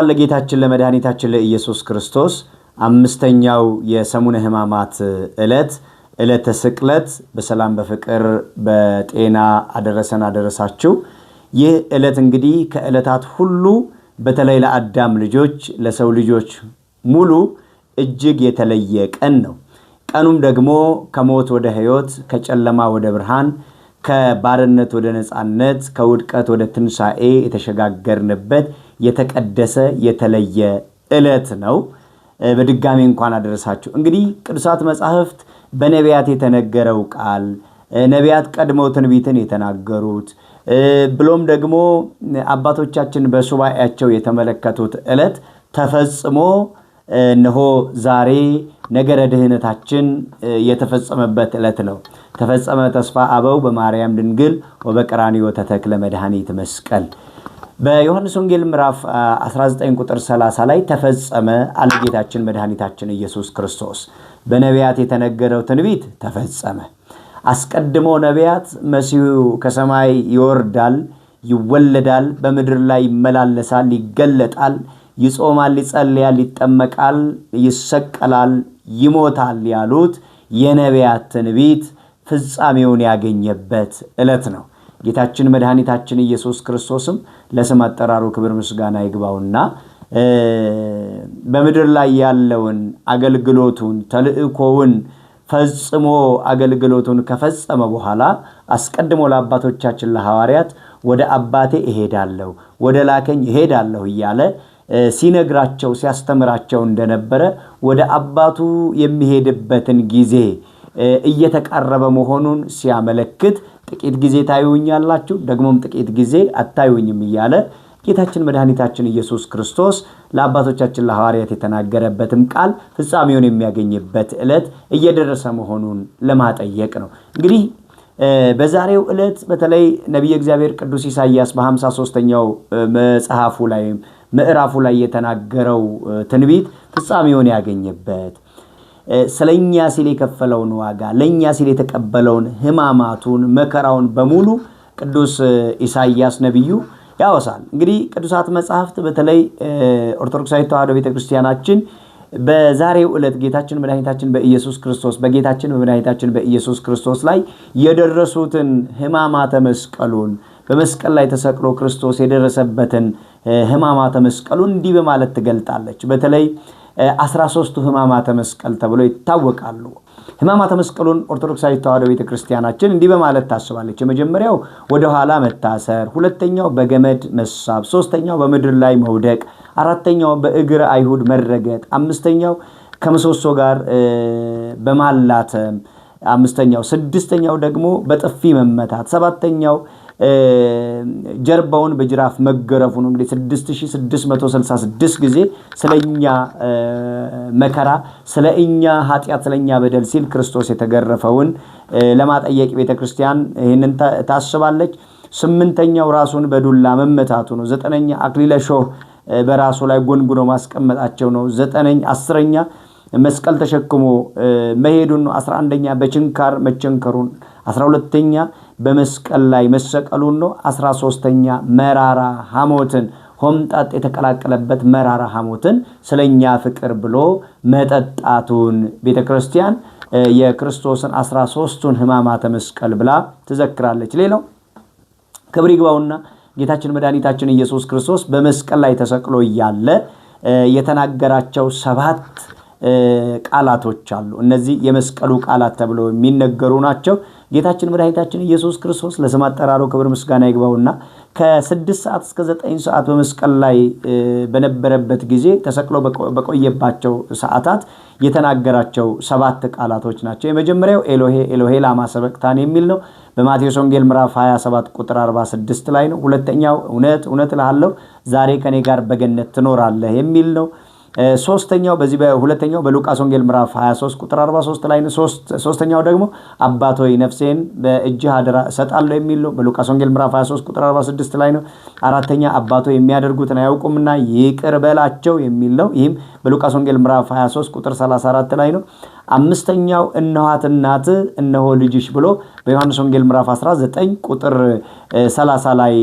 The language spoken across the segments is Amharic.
እንኳን ለጌታችን ለመድኃኒታችን ለኢየሱስ ክርስቶስ አምስተኛው የሰሙነ ሕማማት ዕለት ዕለተ ስቅለት በሰላም በፍቅር በጤና አደረሰን አደረሳችሁ። ይህ ዕለት እንግዲህ ከዕለታት ሁሉ በተለይ ለአዳም ልጆች ለሰው ልጆች ሙሉ እጅግ የተለየ ቀን ነው። ቀኑም ደግሞ ከሞት ወደ ሕይወት ከጨለማ ወደ ብርሃን ከባርነት ወደ ነፃነት ከውድቀት ወደ ትንሣኤ የተሸጋገርንበት የተቀደሰ የተለየ ዕለት ነው። በድጋሚ እንኳን አደረሳችሁ። እንግዲህ ቅዱሳት መጻሕፍት በነቢያት የተነገረው ቃል ነቢያት ቀድመው ትንቢትን የተናገሩት ብሎም ደግሞ አባቶቻችን በሱባኤያቸው የተመለከቱት ዕለት ተፈጽሞ እነሆ ዛሬ ነገረ ድህነታችን የተፈጸመበት ዕለት ነው። ተፈጸመ ተስፋ አበው በማርያም ድንግል ወበቀራንዮ ተተክለ መድኃኒት መስቀል በዮሐንስ ወንጌል ምዕራፍ 19 ቁጥር 30 ላይ ተፈጸመ አለ ጌታችን መድኃኒታችን ኢየሱስ ክርስቶስ። በነቢያት የተነገረው ትንቢት ተፈጸመ። አስቀድሞ ነቢያት መሲሁ ከሰማይ ይወርዳል፣ ይወለዳል፣ በምድር ላይ ይመላለሳል፣ ይገለጣል፣ ይጾማል፣ ይጸልያል፣ ይጠመቃል፣ ይሰቀላል፣ ይሞታል ያሉት የነቢያት ትንቢት ፍጻሜውን ያገኘበት ዕለት ነው። ጌታችን መድኃኒታችን ኢየሱስ ክርስቶስም ለስም አጠራሩ ክብር ምስጋና ይግባውና በምድር ላይ ያለውን አገልግሎቱን ተልእኮውን ፈጽሞ አገልግሎቱን ከፈጸመ በኋላ አስቀድሞ ለአባቶቻችን ለሐዋርያት ወደ አባቴ እሄዳለሁ፣ ወደ ላከኝ እሄዳለሁ እያለ ሲነግራቸው ሲያስተምራቸው እንደነበረ ወደ አባቱ የሚሄድበትን ጊዜ እየተቃረበ መሆኑን ሲያመለክት ጥቂት ጊዜ ታዩኛላችሁ፣ ደግሞም ጥቂት ጊዜ አታዩኝም እያለ ጌታችን መድኃኒታችን ኢየሱስ ክርስቶስ ለአባቶቻችን ለሐዋርያት የተናገረበትም ቃል ፍጻሜውን የሚያገኝበት ዕለት እየደረሰ መሆኑን ለማጠየቅ ነው። እንግዲህ በዛሬው ዕለት በተለይ ነቢየ እግዚአብሔር ቅዱስ ኢሳይያስ 53 ኛው መጽሐፉ ላይ ምዕራፉ ላይ የተናገረው ትንቢት ፍጻሜውን ያገኘበት ስለኛ ሲል የከፈለውን ዋጋ ለኛ ሲል የተቀበለውን ሕማማቱን መከራውን በሙሉ ቅዱስ ኢሳይያስ ነቢዩ ያወሳል። እንግዲህ ቅዱሳት መጽሐፍት በተለይ ኦርቶዶክሳዊ ተዋሕዶ ቤተክርስቲያናችን በዛሬው ዕለት ጌታችን መድኃኒታችን በኢየሱስ ክርስቶስ በጌታችን በመድኃኒታችን በኢየሱስ ክርስቶስ ላይ የደረሱትን ሕማማተ መስቀሉን በመስቀል ላይ ተሰቅሎ ክርስቶስ የደረሰበትን ሕማማተ መስቀሉን እንዲህ በማለት ትገልጣለች። በተለይ አስራ ሦስቱ ህማማተ መስቀል ተብሎ ይታወቃሉ። ህማማተ መስቀሉን ኦርቶዶክሳዊ ተዋህዶ ቤተ ክርስቲያናችን እንዲህ በማለት ታስባለች። የመጀመሪያው ወደኋላ መታሰር፣ ሁለተኛው በገመድ መሳብ፣ ሶስተኛው በምድር ላይ መውደቅ፣ አራተኛው በእግረ አይሁድ መረገጥ፣ አምስተኛው ከምሰሶ ጋር በማላተም አምስተኛው፣ ስድስተኛው ደግሞ በጥፊ መመታት፣ ሰባተኛው ጀርባውን በጅራፍ መገረፉ ነው። እንግዲህ 6666 ጊዜ ስለ እኛ መከራ፣ ስለ እኛ ኃጢአት፣ ስለ እኛ በደል ሲል ክርስቶስ የተገረፈውን ለማጠየቅ ቤተ ክርስቲያን ይህንን ታስባለች። ስምንተኛው ራሱን በዱላ መመታቱ ነው። ዘጠነኛ አክሊለ ሾህ በራሱ ላይ ጎንጉኖ ማስቀመጣቸው ነው። ዘጠነኝ አስረኛ መስቀል ተሸክሞ መሄዱን ነው። አስራ አንደኛ በችንካር መቸንከሩን አስራ ሁለተኛ በመስቀል ላይ መሰቀሉን ነው። አስራ ሶስተኛ መራራ ሐሞትን ሆምጣጥ የተቀላቀለበት መራራ ሐሞትን ስለኛ ፍቅር ብሎ መጠጣቱን ቤተ ክርስቲያን የክርስቶስን አስራ ሶስቱን ሕማማተ መስቀል ብላ ትዘክራለች። ሌላው ክብር ይግባውና ጌታችን መድኃኒታችን ኢየሱስ ክርስቶስ በመስቀል ላይ ተሰቅሎ እያለ የተናገራቸው ሰባት ቃላቶች አሉ። እነዚህ የመስቀሉ ቃላት ተብለው የሚነገሩ ናቸው። ጌታችን መድኃኒታችን ኢየሱስ ክርስቶስ ለስም አጠራሩ ክብር ምስጋና ይግባውና ከስድስት ሰዓት እስከ ዘጠኝ ሰዓት በመስቀል ላይ በነበረበት ጊዜ ተሰቅሎ በቆየባቸው ሰዓታት የተናገራቸው ሰባት ቃላቶች ናቸው። የመጀመሪያው ኤሎሄ ኤሎሄ ላማ ሰበቅታን የሚል ነው። በማቴዎስ ወንጌል ምዕራፍ 27 ቁጥር 46 ላይ ነው። ሁለተኛው እውነት እውነት እልሃለሁ ዛሬ ከኔ ጋር በገነት ትኖራለህ የሚል ነው። ሶስተኛው በዚህ በሁለተኛው በሉቃስ ወንጌል ምዕራፍ 23 ቁጥር 43 ላይ ሶስተኛው ደግሞ አባት ሆይ ነፍሴን በእጅህ አደራ እሰጣለሁ የሚል ነው። በሉቃስ ወንጌል ምዕራፍ 23 ቁጥር 46 ላይ ነው። አራተኛ አባቶ የሚያደርጉትን አያውቁምና ይቅር በላቸው የሚል ነው። ይህም በሉቃስ ወንጌል ምዕራፍ 23 ቁጥር 34 ላይ ነው። አምስተኛው እነኋት እናት እነሆ ልጅሽ ብሎ በዮሐንስ ወንጌል ምዕራፍ 19 ቁጥር 30 ላይ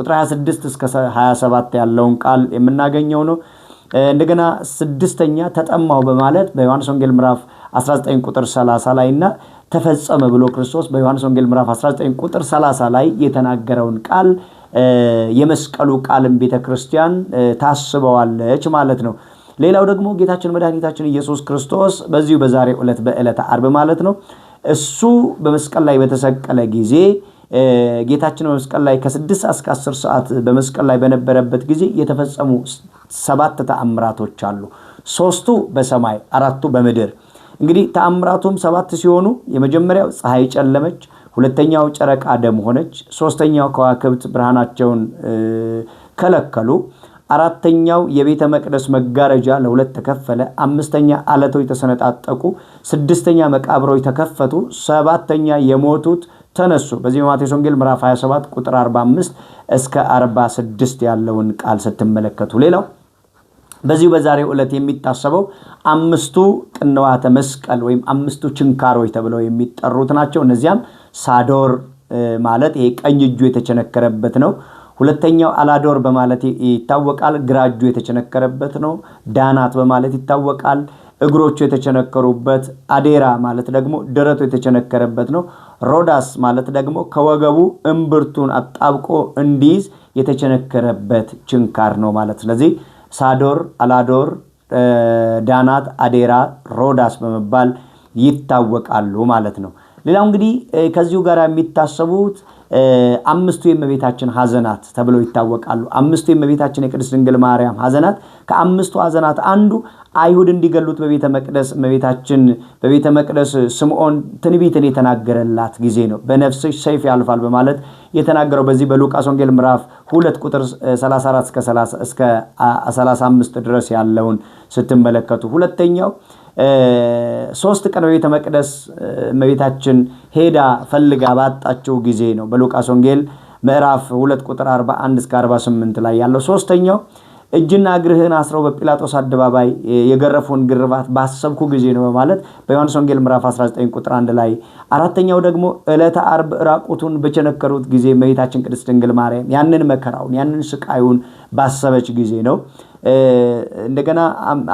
ቁጥር 26 እስከ 27 ያለውን ቃል የምናገኘው ነው። እንደገና ስድስተኛ ተጠማው በማለት በዮሐንስ ወንጌል ምዕራፍ 19 ቁጥር 30 ላይ እና ተፈጸመ ብሎ ክርስቶስ በዮሐንስ ወንጌል ምዕራፍ 19 ቁጥር 30 ላይ የተናገረውን ቃል የመስቀሉ ቃልም ቤተ ክርስቲያን ታስበዋለች ማለት ነው። ሌላው ደግሞ ጌታችን መድኃኒታችን ኢየሱስ ክርስቶስ በዚሁ በዛሬ ዕለት በዕለተ ዓርብ ማለት ነው እሱ በመስቀል ላይ በተሰቀለ ጊዜ ጌታችን በመስቀል ላይ ከስድስት እስከ አስር ሰዓት በመስቀል ላይ በነበረበት ጊዜ የተፈጸሙ ሰባት ተአምራቶች አሉ። ሶስቱ በሰማይ አራቱ በምድር። እንግዲህ ተአምራቱም ሰባት ሲሆኑ የመጀመሪያው ፀሐይ ጨለመች፣ ሁለተኛው ጨረቃ ደም ሆነች፣ ሶስተኛው ከዋክብት ብርሃናቸውን ከለከሉ፣ አራተኛው የቤተ መቅደስ መጋረጃ ለሁለት ተከፈለ፣ አምስተኛ አለቶች ተሰነጣጠቁ፣ ስድስተኛ መቃብሮች ተከፈቱ፣ ሰባተኛ የሞቱት ተነሱ። በዚህ በማቴዎስ ወንጌል ምዕራፍ 27 ቁጥር 45 እስከ 46 ያለውን ቃል ስትመለከቱ ሌላው በዚሁ በዛሬው ዕለት የሚታሰበው አምስቱ ጥንዋተ መስቀል ወይም አምስቱ ችንካሮች ተብለው የሚጠሩት ናቸው። እነዚያም ሳዶር ማለት ይሄ ቀኝ እጁ የተቸነከረበት ነው። ሁለተኛው አላዶር በማለት ይታወቃል። ግራ እጁ የተቸነከረበት ነው። ዳናት በማለት ይታወቃል። እግሮቹ የተቸነከሩበት። አዴራ ማለት ደግሞ ደረቱ የተቸነከረበት ነው። ሮዳስ ማለት ደግሞ ከወገቡ እምብርቱን አጣብቆ እንዲይዝ የተቸነከረበት ችንካር ነው ማለት ስለዚህ ሳዶር፣ አላዶር፣ ዳናት፣ አዴራ፣ ሮዳስ በመባል ይታወቃሉ ማለት ነው። ሌላው እንግዲህ ከዚሁ ጋር የሚታሰቡት አምስቱ የእመቤታችን ሀዘናት ተብለው ይታወቃሉ። አምስቱ የእመቤታችን የቅድስት ድንግል ማርያም ሀዘናት ከአምስቱ ሀዘናት አንዱ አይሁድ እንዲገሉት በቤተ መቅደስ እመቤታችን በቤተ መቅደስ ስምዖን ትንቢትን የተናገረላት ጊዜ ነው። በነፍስሽ ሰይፍ ያልፋል በማለት የተናገረው በዚህ በሉቃስ ወንጌል ምዕራፍ ሁለት ቁጥር 34 እስከ 35 ድረስ ያለውን ስትመለከቱ ሁለተኛው ሶስት ቀን በቤተ መቅደስ እመቤታችን ሄዳ ፈልጋ ባጣችው ጊዜ ነው። በሉቃስ ወንጌል ምዕራፍ 2 ቁጥር 41 እስከ 48 ላይ ያለው ሶስተኛው እጅና እግርህን አስረው በጲላጦስ አደባባይ የገረፉን ግርባት ባሰብኩ ጊዜ ነው በማለት በዮሐንስ ወንጌል ምዕራፍ 19 ቁጥር 1 ላይ። አራተኛው ደግሞ ዕለተ አርብ ራቁቱን በቸነከሩት ጊዜ እመቤታችን ቅድስት ድንግል ማርያም ያንን መከራውን ያንን ስቃዩን ባሰበች ጊዜ ነው። እንደገና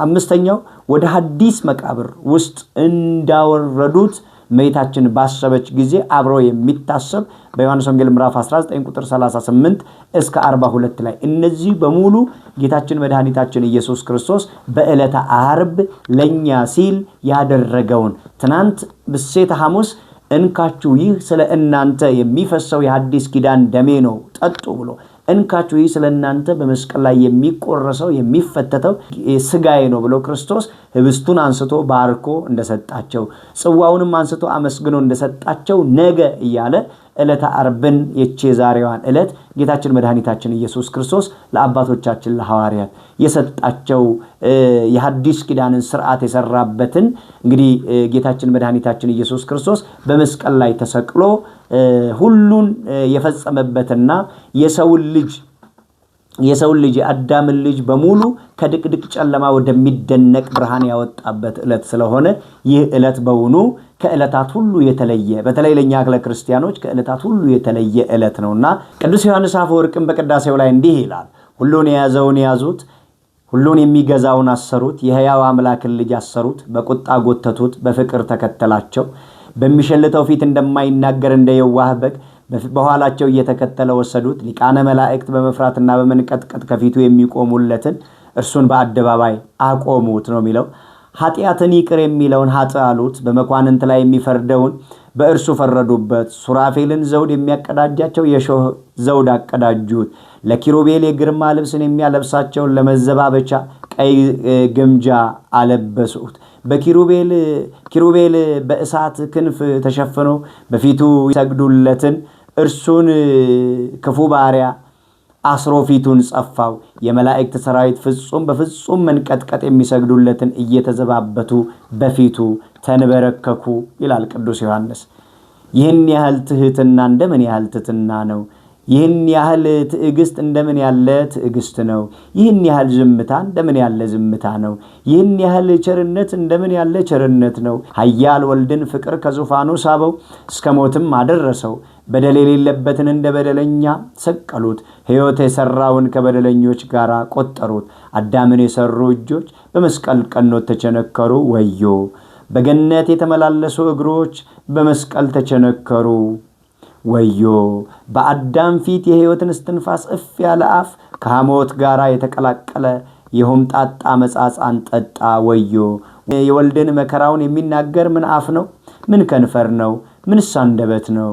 አምስተኛው ወደ ሀዲስ መቃብር ውስጥ እንዳወረዱት መይታችን ባሰበች ጊዜ አብሮ የሚታሰብ በዮሐንስ ወንጌል ምዕራፍ 19 ቁጥር 38 እስከ 42 ላይ እነዚህ በሙሉ ጌታችን መድኃኒታችን ኢየሱስ ክርስቶስ በዕለተ አርብ ለእኛ ሲል ያደረገውን ትናንት ብሴተ ሐሙስ እንካችሁ ይህ ስለ እናንተ የሚፈሰው የአዲስ ኪዳን ደሜ ነው ጠጡ ብሎ እንካችሁ ይህ ስለ እናንተ በመስቀል ላይ የሚቆረሰው የሚፈተተው ስጋዬ ነው ብሎ ክርስቶስ ህብስቱን አንስቶ ባርኮ እንደሰጣቸው፣ ጽዋውንም አንስቶ አመስግኖ እንደሰጣቸው ነገ እያለ ዕለተ አርብን የቼ ዛሬዋን ዕለት ጌታችን መድኃኒታችን ኢየሱስ ክርስቶስ ለአባቶቻችን ለሐዋርያት የሰጣቸው የሐዲስ ኪዳንን ስርዓት የሰራበትን እንግዲህ ጌታችን መድኃኒታችን ኢየሱስ ክርስቶስ በመስቀል ላይ ተሰቅሎ ሁሉን የፈጸመበትና የሰውን ልጅ የሰውን ልጅ የአዳምን ልጅ በሙሉ ከድቅድቅ ጨለማ ወደሚደነቅ ብርሃን ያወጣበት ዕለት ስለሆነ ይህ ዕለት በውኑ ከዕለታት ሁሉ የተለየ በተለይ ለእኛ ክርስቲያኖች ከዕለታት ሁሉ የተለየ ዕለት ነውና ቅዱስ ዮሐንስ አፈወርቅም በቅዳሴው ላይ እንዲህ ይላል። ሁሉን የያዘውን ያዙት፣ ሁሉን የሚገዛውን አሰሩት፣ የሕያው አምላክን ልጅ አሰሩት፣ በቁጣ ጎተቱት፣ በፍቅር ተከተላቸው፣ በሚሸልተው ፊት እንደማይናገር እንደ የዋህ በግ በኋላቸው እየተከተለ ወሰዱት። ሊቃነ መላእክት በመፍራትና በመንቀጥቀጥ ከፊቱ የሚቆሙለትን እርሱን በአደባባይ አቆሙት ነው የሚለው። ኃጢአትን ይቅር የሚለውን ሀጥ አሉት። በመኳንንት ላይ የሚፈርደውን በእርሱ ፈረዱበት። ሱራፌልን ዘውድ የሚያቀዳጃቸው የሾህ ዘውድ አቀዳጁት። ለኪሩቤል የግርማ ልብስን የሚያለብሳቸውን ለመዘባበቻ ቀይ ግምጃ አለበሱት። በኪሩቤል በእሳት ክንፍ ተሸፍኖ በፊቱ ይሰግዱለትን እርሱን ክፉ ባሪያ አስሮ ፊቱን ጸፋው። የመላእክት ሰራዊት ፍጹም በፍጹም መንቀጥቀጥ የሚሰግዱለትን እየተዘባበቱ በፊቱ ተንበረከኩ ይላል ቅዱስ ዮሐንስ። ይህን ያህል ትህትና እንደምን ያህል ትህትና ነው! ይህን ያህል ትዕግስት እንደምን ያለ ትዕግስት ነው! ይህን ያህል ዝምታ እንደምን ያለ ዝምታ ነው! ይህን ያህል ቸርነት እንደምን ያለ ቸርነት ነው! ኃያል ወልድን ፍቅር ከዙፋኑ ሳበው፣ እስከ ሞትም አደረሰው። በደል የሌለበትን እንደ በደለኛ ሰቀሉት። ሕይወት የሠራውን ከበደለኞች ጋር ቆጠሩት። አዳምን የሠሩ እጆች በመስቀል ቀኖት ተቸነከሩ፣ ወዮ! በገነት የተመላለሱ እግሮች በመስቀል ተቸነከሩ፣ ወዮ! በአዳም ፊት የሕይወትን እስትንፋስ እፍ ያለ አፍ ከሐሞት ጋር የተቀላቀለ የሆምጣጣ መጻጻን ጠጣ፣ ወዮ! የወልድን መከራውን የሚናገር ምን አፍ ነው? ምን ከንፈር ነው? ምንስ አንደበት ነው?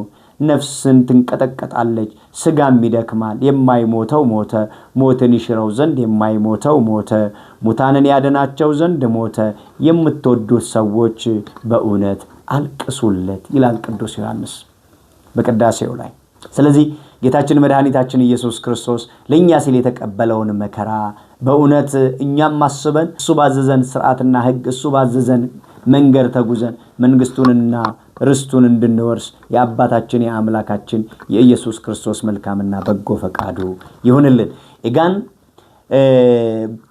ነፍስን ትንቀጠቀጣለች፣ ስጋም ይደክማል። የማይሞተው ሞተ፣ ሞትን ይሽረው ዘንድ የማይሞተው ሞተ፣ ሙታንን ያድናቸው ዘንድ ሞተ። የምትወዱት ሰዎች በእውነት አልቅሱለት ይላል ቅዱስ ዮሐንስ በቅዳሴው ላይ። ስለዚህ ጌታችን መድኃኒታችን ኢየሱስ ክርስቶስ ለእኛ ሲል የተቀበለውን መከራ በእውነት እኛም አስበን እሱ ባዘዘን ስርዓትና ሕግ እሱ ባዘዘን መንገድ ተጉዘን መንግስቱንና ርስቱን እንድንወርስ የአባታችን የአምላካችን የኢየሱስ ክርስቶስ መልካምና በጎ ፈቃዱ ይሁንልን። ኢጋን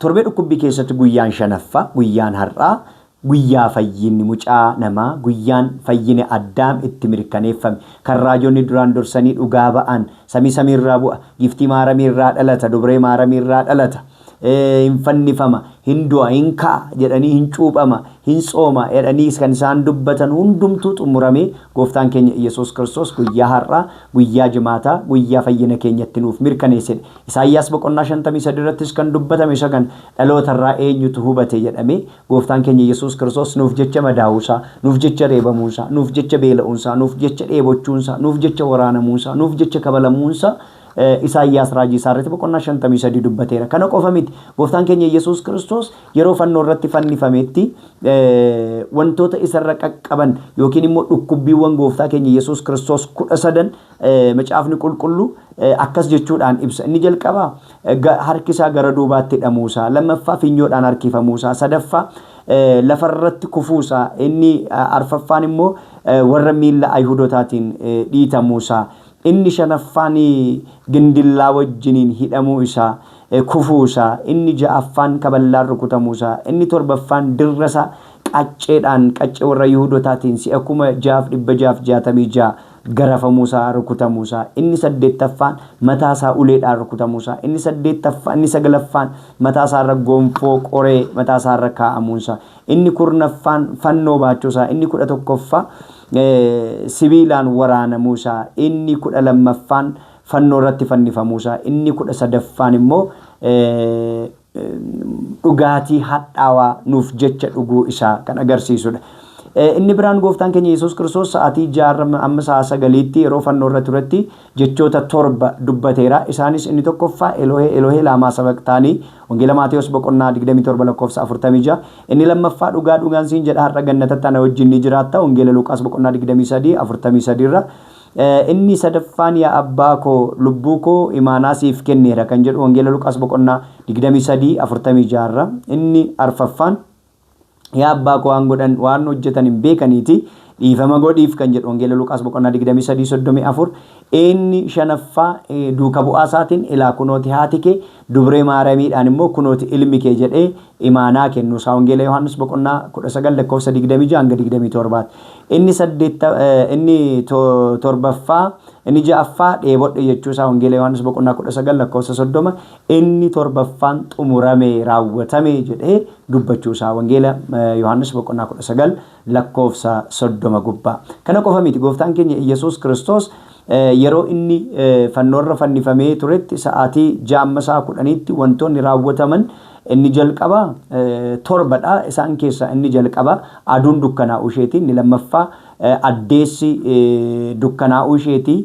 ቶርቤዶ ኩቢ ኬሰት ጉያን ሸነፋ ጉያን ሀራ ጉያ ፈይን ሙጫ ነማ ጉያን ፈይን አዳም እት ከራጆኒ ዱራን ዶርሰኒ ዱጋ ሰሚ ሰሚራ ጊፍቲ ማረሚራ ደለተ ዱብሬ ማረሚራ ደለተ hin fannifama, hin du'a, hin ka'a jedhanii hin cuuphama, hin sooma jedhanii kan isaan dubbatan hundumtuu xumuramee gooftaan keenya Yesuus Kiristoos guyyaa har'aa, guyyaa jimaataa, guyyaa fayyina keenyatti nuuf mirkaneessedha. Isaayyaas boqonnaa 53 irrattis kan dubbatame isa kan dhaloota irraa eenyutu hubate jedhame gooftaan keenya Yesuus Kiristoos nuuf jecha madaa'uusaa, nuuf jecha reebamuusaa, nuuf jecha beela'uunsaa, nuuf jecha dheebochuunsaa, nuuf jecha waraanamuunsaa, nuuf jecha kabalamuunsaa isaayyaas raajii isaarratti boqonnaa shantamii sadii dubbateera. Kana qofa miti gooftaan keenya Yesuus Kiristoos yeroo fannoo irratti fannifametti wantoota isarra qaqqaban yookiin immoo dhukkubbiiwwan gooftaa keenya Yesuus Kiristoos kudha sadan macaafni qulqullu akkas jechuudhaan ibsa. Inni jalqabaa harkisaa gara duubaatti hidhamuusaa, lammaffaa finyoodhaan harkifamuusaa, sadaffaa lafarratti kufuusaa, inni arfaffaan immoo warra miilla Ayihudotaatiin dhiitamuusaa. inni shanaffaan gindillaa wajjiniin hidhamuu isaa kufuu isaa inni ja'affaan kaballaan rukutamuu isaa inni torbaffaan dirrasa isaa qacceedhaan qaccee warra yihudotaatiin si akkuma jaaf dhibba jaaf jaatamii jaa garafamuu isaa rukutamuu isaa inni saddeettaffaan mataa isaa uleedhaan rukutamuu isaa inni saddeettaffaan inni sagalaffaan mataa isaa irra gonfoo qoree mataa isaa irra kaa'amuu isaa inni kurnaffaan fannoo baachuu isaa inni kudha tokkoffaa Eh, sibiilaan waraanamuusaa inni kudha lammaffaan fannoo irratti fannifamuusaa inni kudha sadaffaan immoo eh, eh, dhugaatii hadhaawaa nuuf jecha dhuguu isaa kan agarsiisudha. inni biraan gooftaan keenya yesus kiristoos sa'aatii jaarrama amma sa'aa sagaliitti yeroo fannoo irra turetti jechoota torba dubbateera. Isaanis inni tokkoffaa Elohee Elohee laamaa sabaqtaanii wangeela Maatiyos boqonnaa 27 lakkoofsa 46 inni lammaffaa dhugaa dhugaan siin jedha har'a gannatatti ana wajjin ni jiraatta wangeela lukaas boqonnaa 23 43 irra. inni sadaffaan yaa abbaa koo lubbuu koo imaanaa siif kenneera kan jedhu wangeela lukaas boqonnaa 23 46 irra inni arfaffaan yaa abbaa koo waan godhan waan hojjetan hin beekaniiti dhiifama godhiif kan jedhu wangeela Luqaas boqonnaa 23 afur inni shanaffaa duuka bu'aa isaatiin ilaa kunooti haati kee dubree maaramiidhaan immoo kunooti ilmi kee jedhee imaanaa kennu isaa wangeela yohaannis boqonnaa kudha sagal lakkoofsa digdami ja'a hanga digdami torbaati. inni saddeetta inni torbaffaa inni ja'affaa dheebodhe jechuu isaa wangeela yohaannis boqonnaa kudha sagal lakkoofsa soddoma inni torbaffaan xumurame raawwatame jedhee dubbachuu isaa wangeela yohaannis boqonnaa kudha sagal lakkoofsa soddoma gubbaa kana qofa miti gooftaan keenya Iyyasuus Kiristoos yeroo inni fannoorra fannifamee turetti sa'aatii jaammasaa kudhaniitti wantoonni raawwataman inni jalqaba torbadha isaan keessa inni jalqaba aduun dukkanaa'u isheeti inni lammaffaa addeessi dukkanaa'u isheeti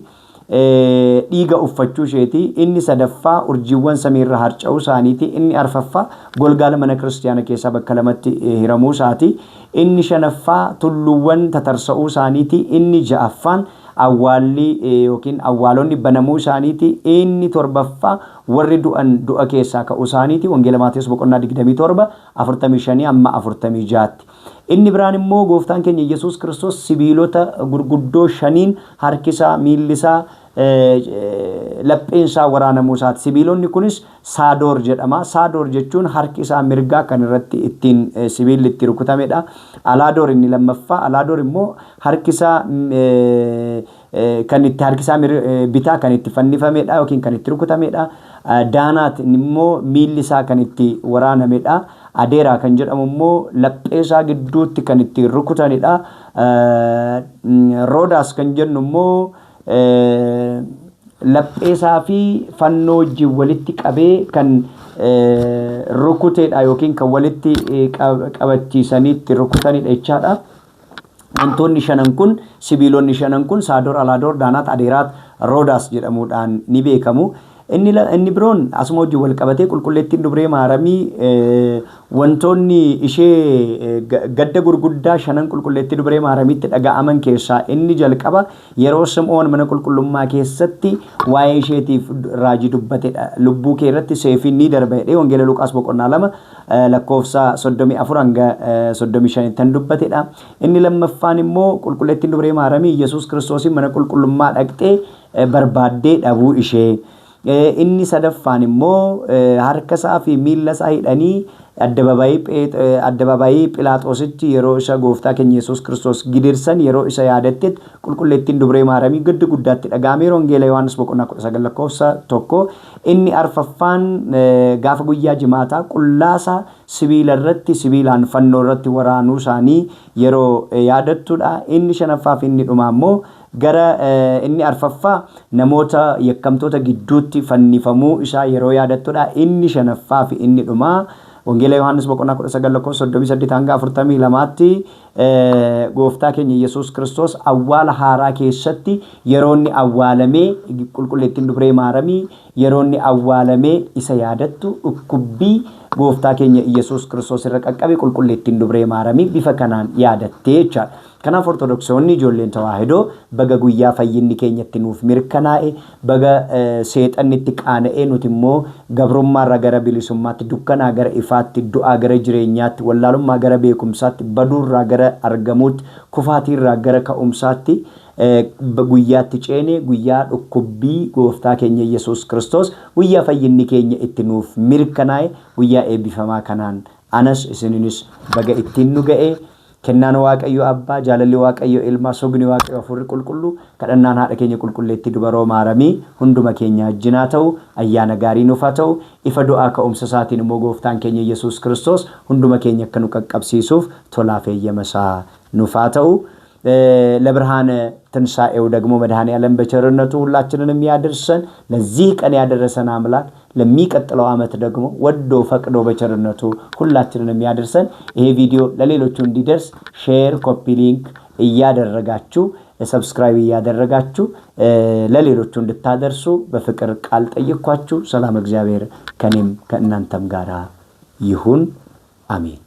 dhiiga uffachuu isheeti inni sadaffaa urjiiwwan samiirra harca'uu isaaniiti inni arfaffaa golgaala mana kiristiyaana keessaa bakka lamatti hiramuu isaati inni shanaffaa tulluuwwan tatarsa'uu isaaniiti inni ja'affaan awwaalli yookiin awwaaloonni banamuu isaaniiti inni torbaffaa warri du'an du'a keessaa ka'uu isaaniiti wangeela Maatiyus boqonnaa digdamii torba afurtamii shanii amma afurtamii jaatti. Inni biraan immoo gooftaan keenya Yesuus Kiristoos sibiilota gurguddoo shaniin harkisaa miillisaa lapheensaa waraana muusaati. Sibiilonni kunis saadoor jedhama. Saadoor jechuun harki isaa mirgaa kan irratti ittiin sibiilli itti rukutamedha. Alaadoor inni lammaffaa. Alaadoor immoo harki isaa kan itti harki isaa bitaa kan itti fannifamedha yookiin kan itti rukutamedha. Daanaat immoo miilli isaa kan itti waraanamedha. Adeeraa kan jedhamu immoo lapheesaa gidduutti kan itti rukutanidha. Roodaas kan jennu immoo lapheesaa fi fannoo wajjin walitti qabee kan rukuteedha yookiin kan walitti qabachiisaniitti rukutanidha jechaadha. Wantoonni shanan kun sibiilonni shanan kun Saadoor, Alaadoor, Daanaat, Adeeraat, Roodaas jedhamuudhaan ni beekamu. Inni biroon asuma wajjin wal qabatee qulqulleettiin dubree maaramii wantoonni ishee gadda gurguddaa shanan qulqulleettii dubree maaramiitti dhaga'aman keessaa inni jalqaba yeroo sim'oon mana qulqullummaa keessatti waa'ee isheetiif raajii dubbatedha. Lubbuu kee irratti seefiin ni darba jedhee wangeela Luqaas boqonnaa lama lakkoofsa soddomii afur hanga soddomii shanittan dubbatedha. Inni lammaffaan immoo qulqulleettiin dubree maaramii Yesuus kiristoosiin mana qulqullummaa dhaqxee barbaaddee dhabuu ishee. inni sadaffaan immoo harkasaa fi miillasaa hidhanii addababaayii Phiilaaxoositti yeroo isa gooftaa keenya Yesuus Kiristoos gidirsan yeroo isa yaadattetti qulqulleettiin dubree maaramii gaddi guddaatti dhaga'amee roongeela Yohaannis boqonnaa kudha sagal lakkoofsa tokko inni arfaffaan gaafa guyyaa jimaataa qullaasa sibiila irratti sibiilaan fannoo irratti waraanuu isaanii yeroo yaadattuudha inni shanaffaa fi inni dhumaa immoo gara inni arfaffaa namoota yakkamtoota gidduutti fannifamuu isaa yeroo yaadattudha. Inni shanaffaa fi inni dhumaa Wangeela Yohaannis boqonnaa kudha sagal lakkoofsa soddomii saddeet hanga afurtamii lamaatti gooftaa keenya yesus kiristoos awwaala haaraa keessatti yeroonni awwaalamee qulqulleettiin dhufree maaramii yeroonni awwaalamee isa yaadattu dhukkubbii gooftaa keenya yesus kiristoos irra qaqqabe qulqulleettiin dubree maaramii bifa kanaan yaadattee jechaadha. Kanaaf ortodoksiyoonni ijoolleen tawaahidoo baga guyyaa fayyinni keenyatti nuuf mirkanaa'e baga seexannitti qaana'ee nuti immoo gabrummaarra gara bilisummaatti dukkanaa gara ifaatti du'aa gara jireenyaatti wallaalummaa gara beekumsaatti baduurraa gara argamuutti kufaatiirraa gara ka'umsaatti guyyaatti ceene guyyaa dhukkubbii gooftaa keenya yesus kiristoos guyyaa fayyinni keenya itti nuuf mirkanaa'e guyyaa eebbifamaa kanaan anas isininis baga ittiin nu ga'e kennaan waaqayyo abbaa jaalalli waaqayyo ilmaa sogni waaqayyo afurri qulqullu kadhannaan haadha keenya qulqulleetti dubaroo maaramii hunduma keenya ajjinaa ta'u ayyaana gaarii nuuf haa ta'u ifa du'aa ka'umsa isaatiin immoo gooftaan keenya yesus kristos hunduma keenya akka nu qaqqabsiisuuf tolaaf eeyyama isaa nuuf ta'u. ለብርሃነ ትንሣኤው ደግሞ መድኃኔ ዓለም በቸርነቱ ሁላችንንም ያደርሰን። ለዚህ ቀን ያደረሰን አምላክ ለሚቀጥለው ዓመት ደግሞ ወዶ ፈቅዶ በቸርነቱ ሁላችንንም ያደርሰን። ይሄ ቪዲዮ ለሌሎቹ እንዲደርስ ሼር፣ ኮፒ ሊንክ እያደረጋችሁ ሰብስክራይብ እያደረጋችሁ ለሌሎቹ እንድታደርሱ በፍቅር ቃል ጠይኳችሁ። ሰላም እግዚአብሔር ከኔም ከእናንተም ጋር ይሁን። አሜን።